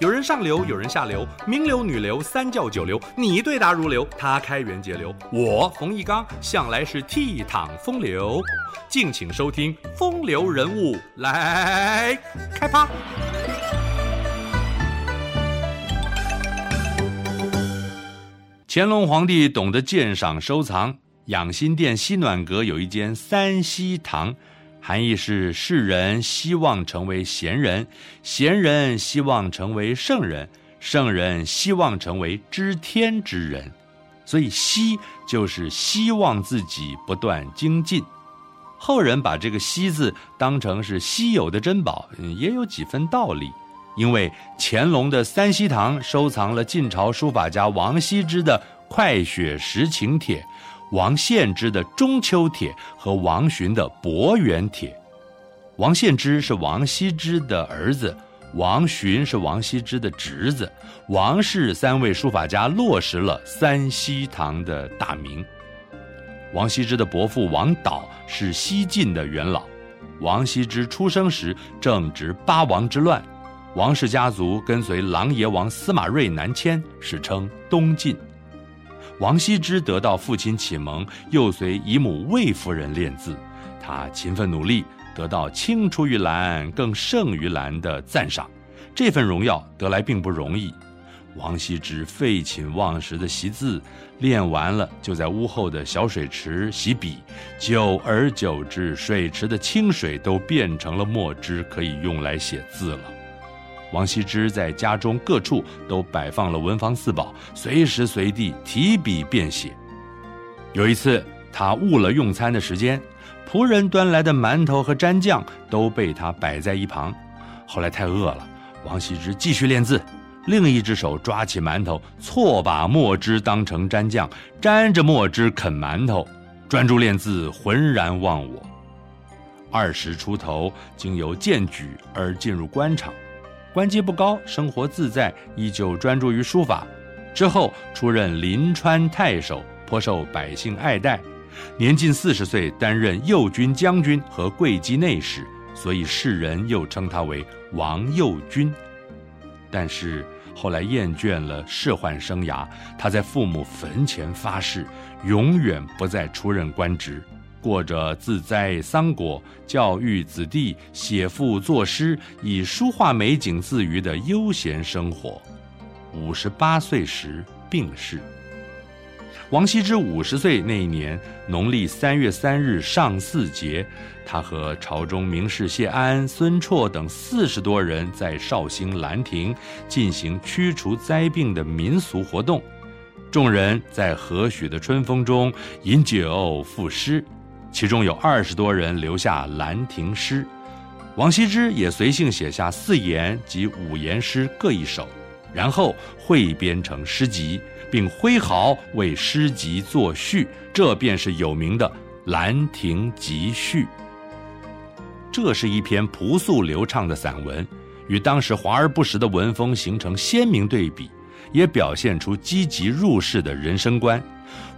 有人上流，有人下流，名流、女流、三教九流，你對答如流，他開源節流，我馮翊綱向來是倜儻風流。敬請收聽《風流人物》來，來開趴。乾隆皇帝懂得鑒賞收藏，養心殿西暖閣有一間三希堂。含義是：世人希望成為賢人，賢人希望成為聖人，聖人希望成為知天之人。所以“希”就是希望自己不斷精進。後人把這個“希”字當成是稀有的珍寶，也有幾分道理。因為乾隆的三希堂收藏了晉朝書法家王羲之的《快雪時晴帖》。王獻之的《中秋帖》和王珣的《伯遠帖》，王獻之是王羲之的兒子，王珣是王羲之的侄子，王氏三位書法家落實了“三希堂”的大名。王羲之的伯父王導是西晉的元老，王羲之出生時正值八王之亂，王氏家族跟隨琅琊王司馬睿南遷，史稱東晉。王羲之得到父親啟蒙，又隨姨母衛夫人練字。他勤奮努力，得到“青出於藍，更勝於藍”的讚賞。這份榮耀得來並不容易。王羲之廢寢忘食地習字，練完了就在屋後的小水池洗筆。久而久之，水池的清水都變成了墨汁，可以用來寫字了。王羲之在家中各處都擺放了文房四寶，隨時隨地提筆便寫。有一次，他誤了用餐的時間，僕人端來的饅頭和蘸醬都被他擺在一旁。後來太餓了，王羲之繼續練字，另一只手抓起饅頭，錯把墨汁當成蘸醬，沾着墨汁啃饅頭，專注練字，渾然忘我。二十出頭，經由薦舉而進入官場。官階不高，生活自在，依舊專注於書法。之後出任臨川太守，頗受百姓愛戴。年近四十歲，擔任右軍將軍和會稽內史，所以世人又稱他為王右軍。但是後來厭倦了仕宦生涯，他在父母墳前發誓，永遠不再出任官職。過着自栽桑果、教育子弟、寫賦作詩、以書畫美景自娛的悠閒生活。五十八歲時病逝。王羲之五十歲那一年，農曆三月三日上巳節，他和朝中名士謝安、孫綽等四十多人在紹興蘭亭進行驅除災病的民俗活動。眾人在和煦的春風中飲酒賦詩。其中有二十多人留下蘭亭詩，王羲之也隨性寫下四言及五言詩各一首，然後彙編成詩集，並揮毫為詩集作序，這便是有名的《蘭亭集序》。這是一篇樸素流暢的散文，與當時華而不實的文風形成鮮明對比，也表現出積極入世的人生觀。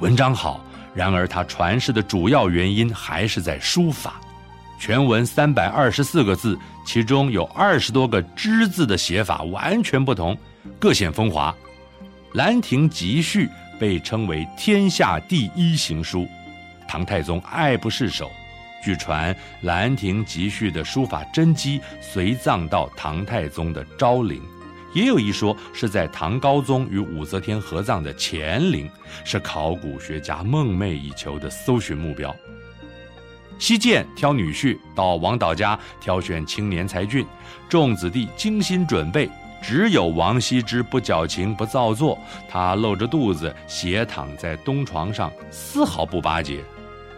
文章好。然而他傳世的主要原因還是在書法。全文三百二十四個字，其中有二十多個之字的寫法完全不同，各顯風華。《蘭亭集序》被稱為天下第一行書，唐太宗愛不釋手。據傳，《蘭亭集序》的書法真迹隨葬到唐太宗的昭陵。也有一說，是在唐高宗與武則天合葬的乾陵，是考古學家夢寐以求的搜尋目標。郗鑒挑女婿，到王導家挑選青年才俊，眾子弟精心準備，只有王羲之不矯情不造作，他露着肚子斜躺在東床上，絲毫不巴結。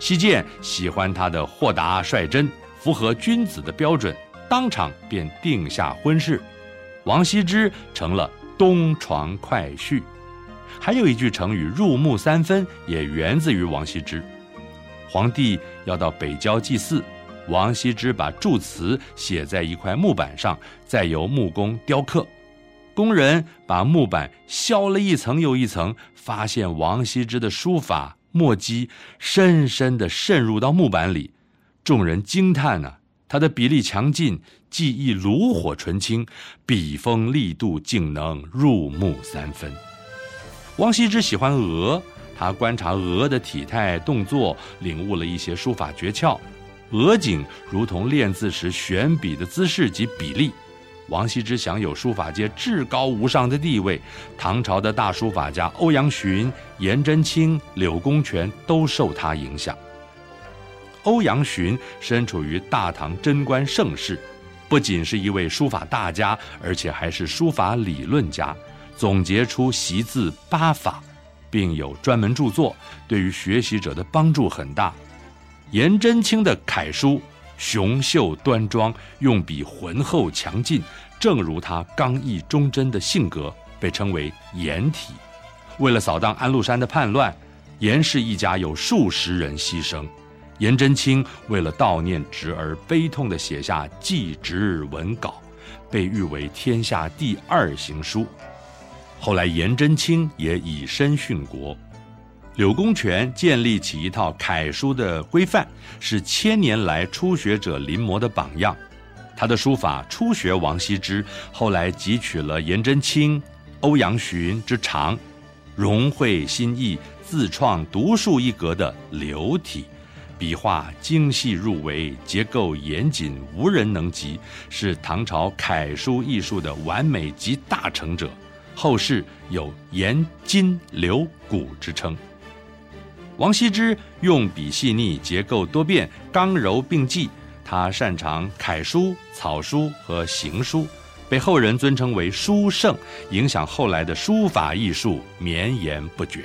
郗鑒喜歡他的豁達率真，符合君子的標準，當場便定下婚事。王羲之成了東床快婿，還有一句成語“入木三分”也源自於王羲之。皇帝要到北郊祭祀，王羲之把祝詞寫在一塊木板上，再由木工雕刻。工人把木板削了一層又一層，發現王羲之的書法墨跡深深地滲入到木板裡，眾人驚嘆呢、啊。他的筆力強勁，技藝爐火純青，筆鋒力度竟能入木三分。王羲之喜歡鵝，他觀察鵝的體態動作，領悟了一些書法訣竅。鵝頸如同練字時選筆的姿勢及比例，王羲之享有書法界至高無上的地位，唐朝的大書法家歐陽詢、顏真卿、柳公權都受他影響。歐陽詢身處於大唐貞觀盛世，不僅是一位書法大家，而且還是書法理論家，總結出習字八法，並有專門著作，對於學習者的幫助很大。顏真卿的楷書雄秀端莊，用筆渾厚強勁，正如他剛毅忠貞的性格，被稱為顏體。為了掃蕩安祿山的叛亂，顏氏一家有數十人犧牲。顏真卿為了悼念侄兒，悲痛地寫下《祭侄文稿》，被譽為天下第二行書。後來，顏真卿也以身殉國。柳公權建立起一套楷書的規範，是千年來初學者臨摹的榜樣。他的書法初學王羲之，後來汲取了顏真卿、歐陽詢之長，融會新意，自創獨樹一格的柳體。筆畫精細入微，結構嚴謹，無人能及，是唐朝楷書藝術的完美集大成者，後世有顏筋柳骨之稱。王羲之用筆細膩，結構多變，剛柔並濟。他擅長楷書、草書和行書，被後人尊稱為書聖，影響後來的書法藝術綿延不絕。